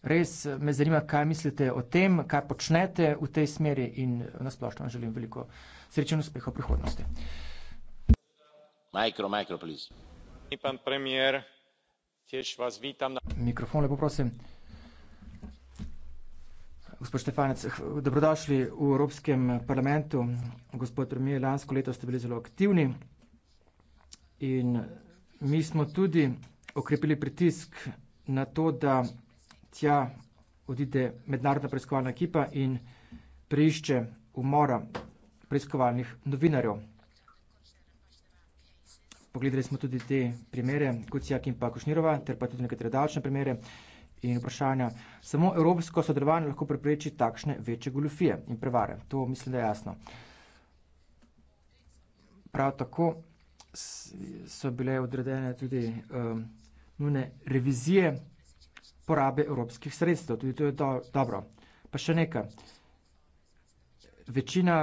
Res eh, me zanima, kaj mislite o tem, kaj počnete v tej smeri in eh, nasplošno želim veliko srečen uspeh v prihodnosti. Micro, micro, please. Spoštovani pan premier, tež vas vitam... Mikrofon, lepo prosim. Gospod Štefanec, dobrodošli v Evropskem, parlamentu. Gospod premier, lansko leto ste bili zelo aktivni in mi smo tudi okrepili pritisk na to, da tja odide mednarodna preiskovalna ekipa in preišče umora preiskovalnih novinarjev pogledali smo tudi te primere, kot je Kim Pakošnirova, ter pa tudi nekatere davčne primere in vprašanja. Samo evropsko sodelovanje lahko prepreči takšne večje golufije in prevare. To mislim, da je jasno. Prav tako so bile odredene tudi um, nune revizije porabe evropskih sredstev. Tudi to je do, dobro. Pa še nekaj. Večina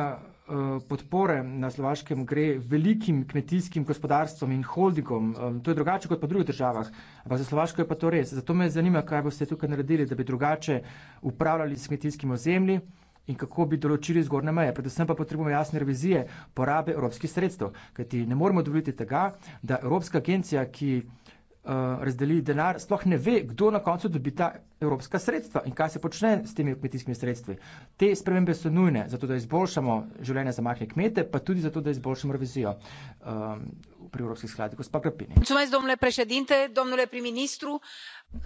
Eh, podpore na Slovaškem gre velikim kmetijskim gospodarstvom in holdingom. To je drugače kot pa v drugih državah, ampak za Slovaško je pa to res. Zato me zanima, kaj boste tukaj naredili, da bi drugače upravljali s kmetijskim ozemlji in kako bi določili zgornje meje. Predvsem pa potrebujemo jasne revizije porabe evropskih sredstev, kajti ne moremo dovoliti tega, da Evropska agencija, ki Eh, razdeli denar, sploh ne ve, kdo na koncu dobi ta evropska sredstva in kaj se počne s temi kmetijskimi sredstvi. Te spremembe so nujne, zato da izboljšamo življenje za majhne kmete, pa tudi zato, da izboljšamo revizijo um, pri evropskih skladih. Gospa Krapini.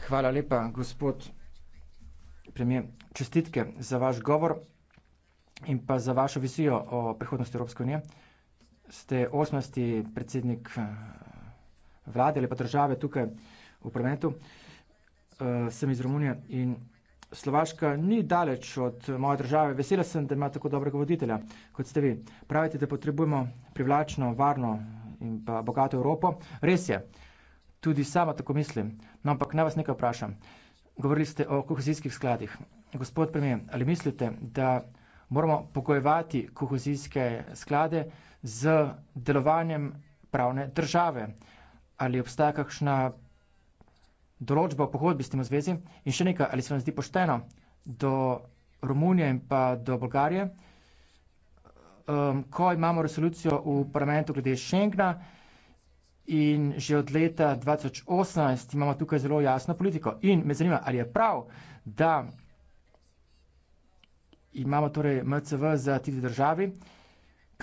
Hvala lepa, gospod premijer. Čestitke za vaš govor in pa za vašo vizijo o prihodnosti Evropske unije. Ste 18. predsednik eh, vlade ali pa države tukaj v prometu. Uh, eh, sem iz Romunije in Slovaška ni daleč od moje države. Vesela sem, da ima tako dobrega voditelja, kot ste vi. Pravite, da potrebujemo privlačno, varno in pa bogato Evropo. Res je, tudi sama tako mislim. No, ampak naj vas nekaj vprašam. Govorili ste o kohezijskih skladih. Gospod premijer, ali mislite, da moramo pogojevati kohezijske sklade z delovanjem pravne države? Uh, ali obstaja kakšna določba o pogodbi s tem v zvezi? In še nekaj, ali se vam zdi pošteno do Romunije in pa do Bolgarije, um, ko imamo resolucijo v parlamentu glede Schengna in že od leta 2018 imamo tukaj zelo jasno politiko. In me zanima, ali je prav, da imamo torej MCV za tudi državi.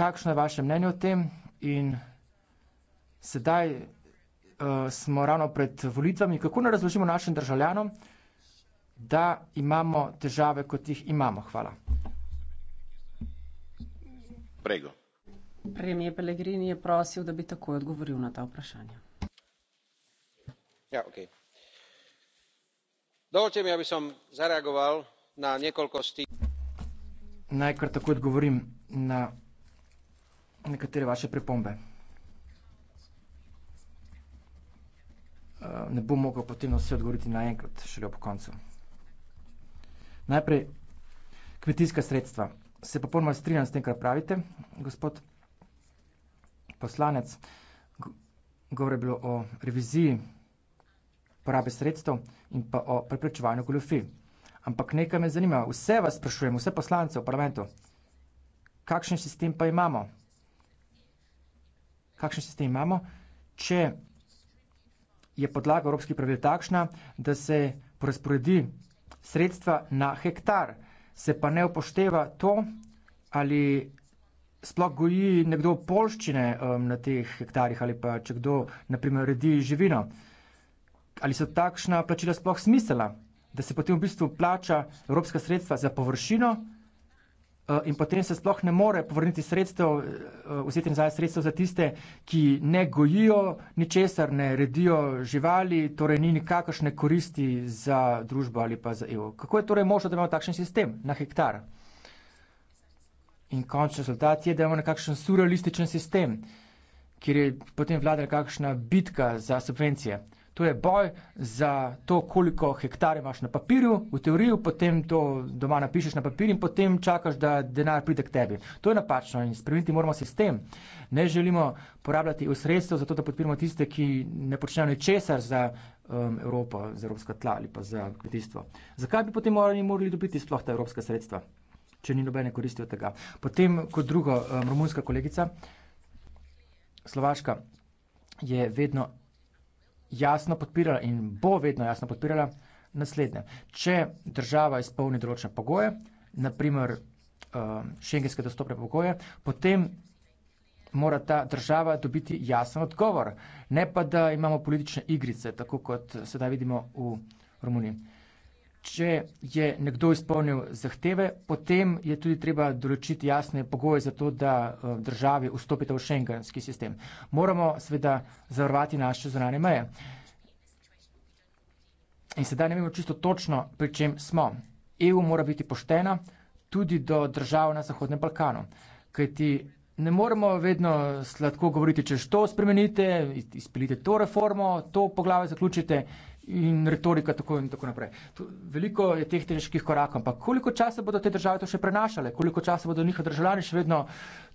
Kakšno je vaše mnenje o tem? In sedaj uh, smo ravno pred volitvami, kako ne razložimo našim državljanom, da imamo težave, kot jih imamo. Hvala. Prego. Premijer Pelegrini je prosil, da bi takoj odgovoril na ta vprašanja. Ja, okay. Dovolite mi, da ja bi sem zareagoval na nekoliko stih. Najkrat takoj odgovorim na nekatere vaše pripombe. Eh, ne bom mogel potem vse odgovoriti naenkrat, šele ob koncu. Najprej, kmetijska sredstva. Se popolnoma strinjam s tem, kar pravite, gospod poslanec. Govor je bilo o reviziji porabe sredstev in pa o preprečevanju goljofij. Ampak nekaj me zanima, vse vas sprašujem, vse poslance v parlamentu, kakšen sistem pa imamo? Kakšen sistem imamo, če je podlaga evropskih pravil takšna, da se porazporedi sredstva na hektar, se pa ne upošteva to, ali sploh goji nekdo polščine um, na teh hektarjih ali pa če kdo, naprimer, redi živino. Ali so takšna plačila sploh smisela, da se potem v bistvu plača evropska sredstva za površino, Eh, in potem se sploh ne more povrniti sredstev, eh, vzeti nazaj sredstev za tiste, ki ne gojijo ničesar, ne redijo živali, torej ni nikakršne koristi za družbo ali pa za EU. Kako je torej možno, da imamo takšen sistem na hektar? In končni rezultat je, da imamo nekakšen surrealističen sistem, kjer je potem vlada nekakšna bitka za subvencije. To je boj za to, koliko hektarjev imaš na papirju, v teoriji, potem to doma napišeš na papir in potem čakaš, da denar pride k tebi. To je napačno in spremeniti moramo sistem. Ne želimo porabljati sredstev za to, da podpiramo tiste, ki ne počnejo ničesar za um, Evropo, za evropska tla ali pa za kmetijstvo. Zakaj bi potem morali, morali dobiti sploh ta evropska sredstva, če ni nobene koristi od tega? Potem kot drugo, um, romunska kolegica, slovaška, je vedno jasno podpirala in bo vedno jasno podpirala naslednje. Če država izpolni določene pogoje, naprimer um, šengenske dostopne pogoje, potem mora ta država dobiti jasen odgovor, ne pa da imamo politične igrice, tako kot sedaj vidimo v Romuniji. Če je nekdo izpolnil zahteve, potem je tudi treba določiti jasne pogoje za to, da eh, državi vstopite v šengenski sistem. Moramo seveda zavarovati naše zunanje meje. In sedaj ne vemo čisto točno, pri čem smo. EU mora biti poštena tudi do držav na Zahodnem Balkanu. Kajti ne moremo vedno sladko govoriti, če to spremenite, izpilite to reformo, to poglavje zaključite in retorika, tako in tako naprej. To, veliko je teh težkih korakov, ampak koliko časa bodo te države to še prenašale, koliko časa bodo njihovi državljani še vedno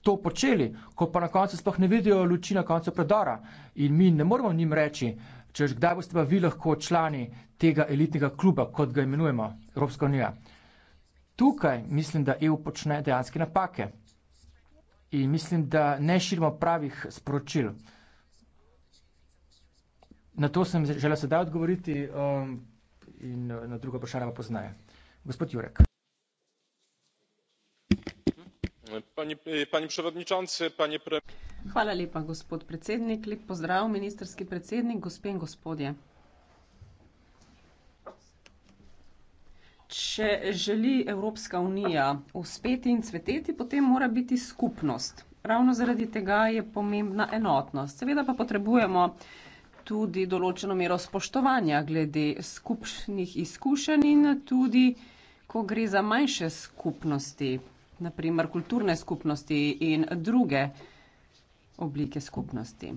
to počeli, ko pa na koncu sploh ne vidijo luči na koncu predora in mi ne moremo njim reči, če že kdaj boste pa vi lahko člani tega elitnega kluba, kot ga imenujemo Evropska unija. Tukaj mislim, da EU počne dejanske napake in mislim, da ne širimo pravih sporočil. Na to sem želel sedaj odgovoriti um, in uh, na drugo vprašanje pa poznaje. Gospod Jurek. Pani, pani predsednica, pani pre... Hvala lepa, gospod predsednik. Lep pozdrav, ministerski predsednik, gospe in gospodje. Če želi Evropska unija uspeti in cveteti, potem mora biti skupnost. Ravno zaradi tega je pomembna enotnost. Seveda pa potrebujemo tudi določeno mero spoštovanja glede skupšnih izkušenj in tudi, ko gre za manjše skupnosti, naprimer kulturne skupnosti in druge oblike skupnosti.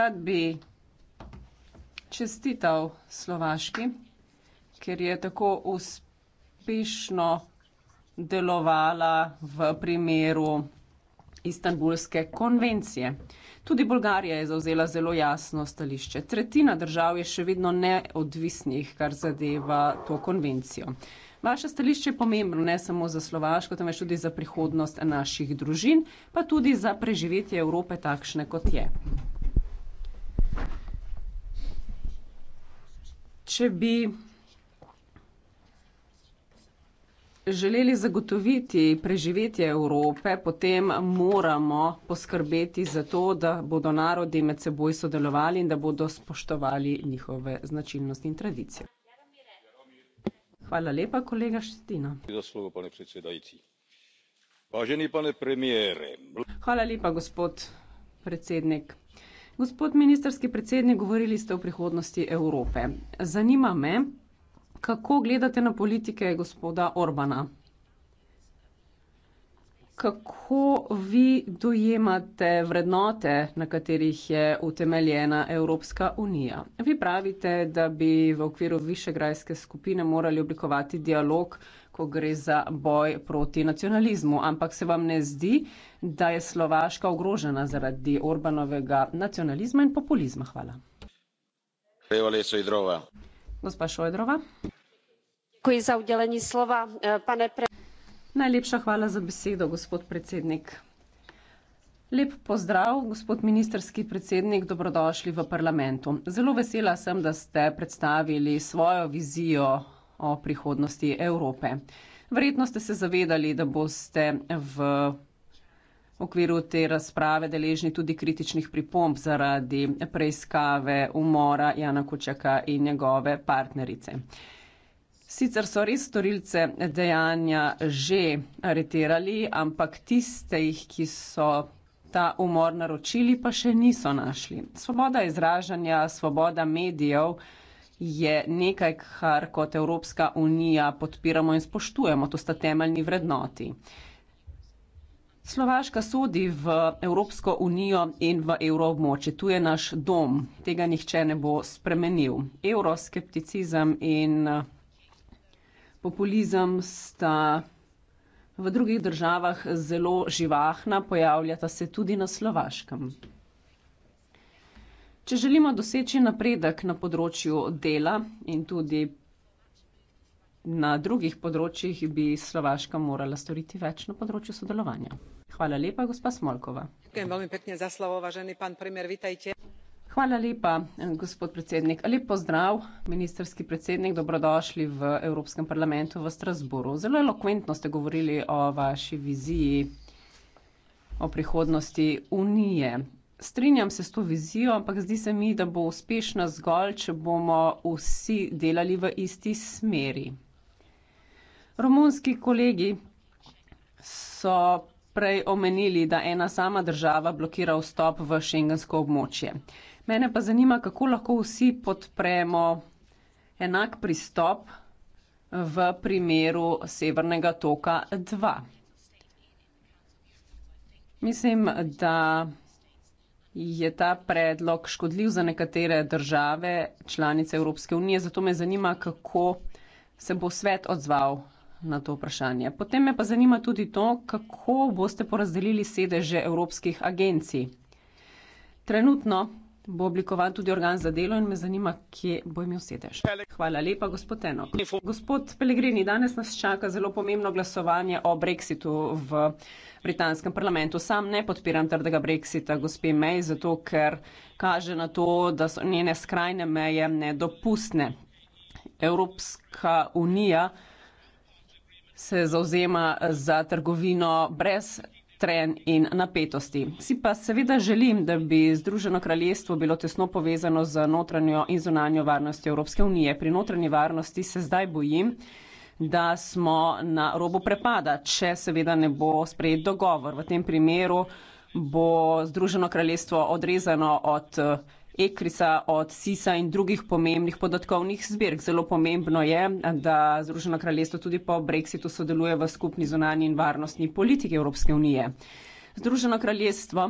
Rad bi čestital Slovaški, ker je tako uspešno delovala v primeru Istanbulske konvencije. Tudi Bolgarija je zauzela zelo jasno stališče. Tretjina držav je še vedno neodvisnih, kar zadeva to konvencijo. Vaše stališče je pomembno ne samo za Slovaško, temveč tudi za prihodnost naših družin, pa tudi za preživetje Evrope takšne, kot je. Če bi želeli zagotoviti preživetje Evrope, potem moramo poskrbeti za to, da bodo narodi med seboj sodelovali in da bodo spoštovali njihove značilnosti in tradicije. Hvala lepa, kolega Štetina. Hvala lepa, gospod predsednik. Gospod ministerski predsednik, govorili ste o prihodnosti Evrope. Zanima me, kako gledate na politike gospoda Orbana? Kako vi dojemate vrednote, na katerih je utemeljena Evropska unija? Vi pravite, da bi v okviru Višegrajske skupine morali oblikovati dialog, ko gre za boj proti nacionalizmu, ampak se vam ne zdi, da je Slovaška ogrožena zaradi Orbanovega nacionalizma in populizma? Hvala. Evo, Leso Idrova gospa Šojdrova. Eh, Najlepša hvala za besedo, gospod predsednik. Lep pozdrav, gospod ministerski predsednik, dobrodošli v parlamentu. Zelo vesela sem, da ste predstavili svojo vizijo o prihodnosti Evrope. Verjetno ste se zavedali, da boste v V okviru te razprave deležni tudi kritičnih pripomb zaradi preiskave umora Jana Kučaka in njegove partnerice. Sicer so res storilce dejanja že aretirali, ampak tistih, ki so ta umor naročili, pa še niso našli. Svoboda izražanja, svoboda medijev je nekaj, kar kot Evropska unija podpiramo in spoštujemo. To sta temeljni vrednoti. Slovaška sodi v Evropsko unijo in v evroobmoče. Tu je naš dom. Tega nihče ne bo spremenil. Euroskepticizem in eh, populizem sta v drugih državah zelo živahna, pojavljata se tudi na Slovaškem. Če želimo doseči napredek na področju dela in tudi na drugih področjih, bi Slovaška morala storiti več na področju sodelovanja. Hvala lepa, gospa Smolkova. Hvala lepa, gospod predsednik. Lep pozdrav, ministrski predsednik, dobrodošli v Evropskem parlamentu v Strasbourgu. Zelo elokventno ste govorili o vaši viziji o prihodnosti Unije. Strinjam se s to vizijo, ampak zdi se mi, da bo uspešna zgolj, če bomo vsi delali v isti smeri. Romunski kolegi so prej omenili, da ena sama država blokira vstop v šengensko območje. Mene pa zanima, kako lahko vsi podpremo enak pristop v primeru Severnega toka 2. Mislim, da je ta predlog škodljiv za nekatere države, članice Evropske unije, zato me zanima, kako se bo svet odzval na to vprašanje. Potem me pa zanima tudi to, kako boste porazdelili sedeže evropskih agencij. Trenutno bo oblikovan tudi organ za delo in me zanima, kje bo imel sedež. Hvala lepa, gospod Enok. Gospod Pelegrini, danes nas čaka zelo pomembno glasovanje o brexitu v britanskem parlamentu. Sam ne podpiram trdega brexita gospe May, zato ker kaže na to, da so njene skrajne meje nedopustne. Evropska unija se zauzema za trgovino brez tren in napetosti. Si pa seveda želim, da bi Združeno kraljestvo bilo tesno povezano z notranjo in zunanjo varnostjo Evropske unije. Pri notranji varnosti se zdaj bojim, da smo na robu prepada, če seveda ne bo sprejet dogovor. V tem primeru bo Združeno kraljestvo odrezano od Ekrisa, od Sisa in drugih pomembnih podatkovnih zbirk. Zelo pomembno je, da Združeno kraljestvo tudi po brexitu sodeluje v skupni zunani in varnostni politiki Evropske unije. Združeno kraljestvo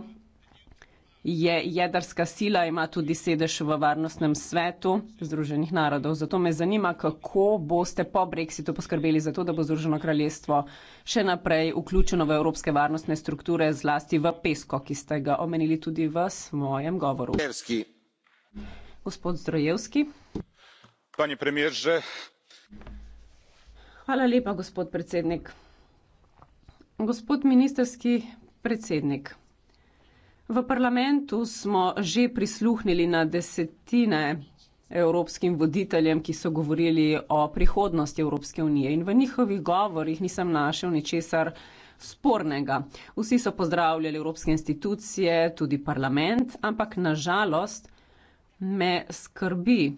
je jedrska sila, ima tudi sedež v varnostnem svetu Združenih narodov. Zato me zanima, kako boste po brexitu poskrbeli za to, da bo Združeno kraljestvo še naprej vključeno v evropske varnostne strukture, zlasti v pesko, ki ste ga omenili tudi v svojem govoru. Jerski. Panie premierze! Hvala lepa, gospod predsednik. Gospod ministerski predsednik, v parlamentu smo že prisluhnili na desetine evropskim voditeljem, ki so govorili o prihodnosti Evropske unije in v njihovih govorih nisem našel ničesar spornega. Vsi so pozdravljali evropske institucije, tudi parlament, ampak nažalost, žalost me skrbi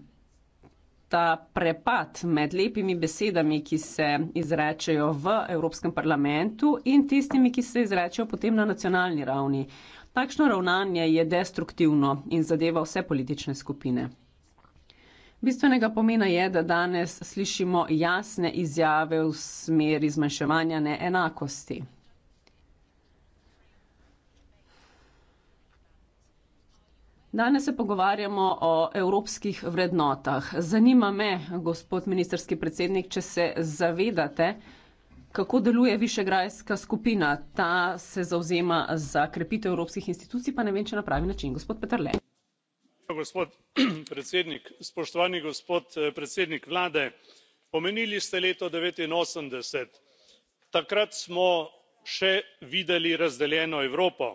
ta prepad med lepimi besedami, ki se izrečejo v Evropskem parlamentu in tistimi, ki se izrečejo potem na nacionalni ravni. Takšno ravnanje je destruktivno in zadeva vse politične skupine. Bistvenega pomena je, da danes slišimo jasne izjave v smeri zmanjševanja neenakosti. Danes se pogovarjamo o evropskih vrednotah. Zanima me, gospod ministerski predsednik, če se zavedate, kako deluje Višegrajska skupina. Ta se zauzema za krepitev evropskih institucij, pa ne vem, če na pravi način. Gospod Petrle. Gospod predsednik, spoštovani gospod eh, predsednik vlade, omenili ste leto devetinosemdeset takrat smo še videli razdeljeno evropo.